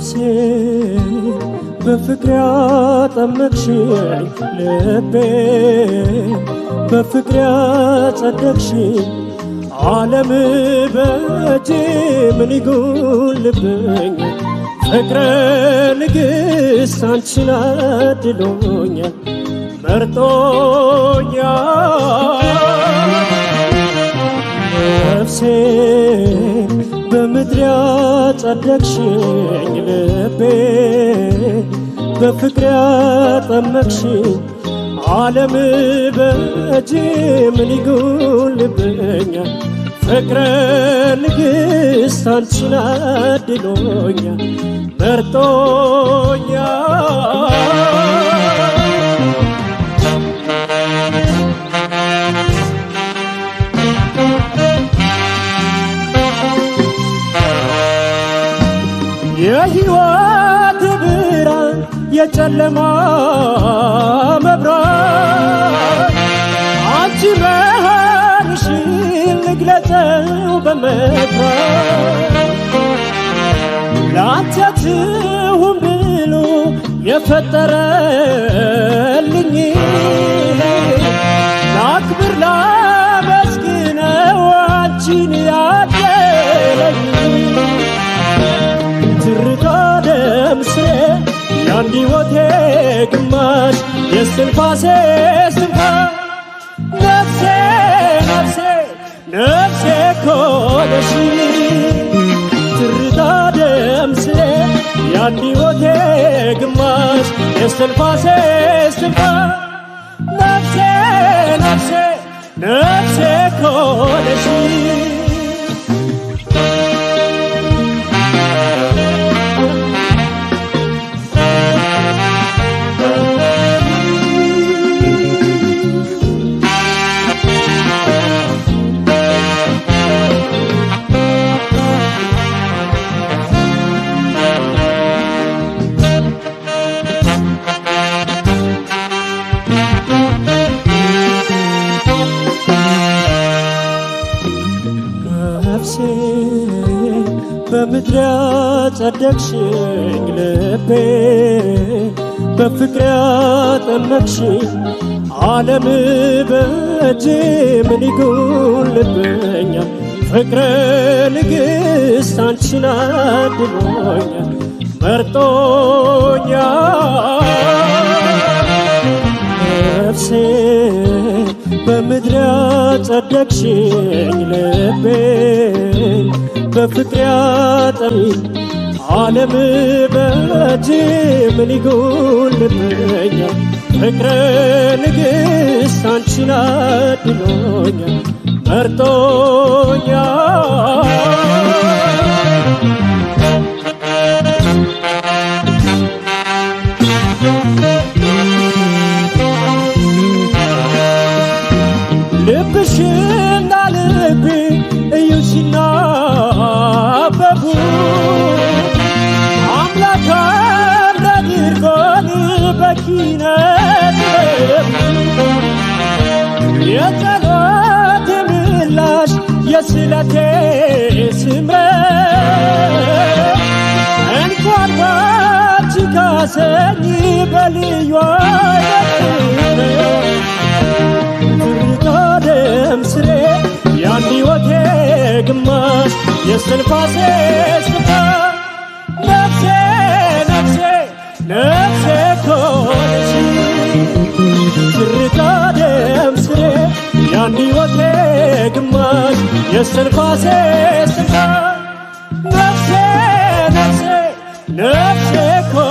ነፍሴ በፍቅር ያጠመቅሽኝ ልቤ በፍቅር ያጸደቅሽኝ ዓለም በእጅ ምን ይጎልብኝ ፍቅረ ንግሥ አንቺን አድሎኛል መርጦኛል ነፍሴ በምድር ያጸደቅሽኝ ልቤ በፍቅር ያጠመቅሽኝ ዓለም በእጅ ምን ይጎልብኛል ፍቅረ ንግሥት አንቺን አድሎኛል መርጦኛል የሕይወት ብርሃን የጨለማ መብራት አንቺ መሃንሽን ልግለጸው በመብራት ላንተ ትሁን ብሎ የፈጠረ የትንፋሴ እስትንፋስ ነፍሴ ነፍሴ ነፍሴ ኮለሽ ትርታ ደምሴ ያንድ ሕይወቴ ግማሽ የትንፋሴ እስትንፋስ ነፍሴ ነፍሴ ነፍሴ ኮለሽ ነፍሴ በምድር ያጸደቅሽኝ ልቤ በፍቅር ያጠመቅሽኝ ዓለም በእጅ ምን ይጉን ፍቅረ ንግሥት አንቺን አድሎኛል መርጦኛል ነፍሴ በምድር ያጸደቅሽኝ ልቤ በፍቅር ያጠሪ ዓለም በእጅ ምን ይጎልብኛል? ፍቅረ ንግሥት አንቺን አድሎኛል መርጦኛል የጸሎቴ ምላሽ የስለቴ ስምረት እንኳን ባንቺ ካሰኝ በልዩ ትርታ ደም ስሬ ያን ሕይወቴ ግማሽ የስንፋሴ ስፍራ ነፍሴ ነፍሴ ነፍሴ ኮንሽ የአንድ ሕይወቴ ግማሽ የስትንፋሴ ስንፋ ነፍሴ ነፍሴ ነፍሴ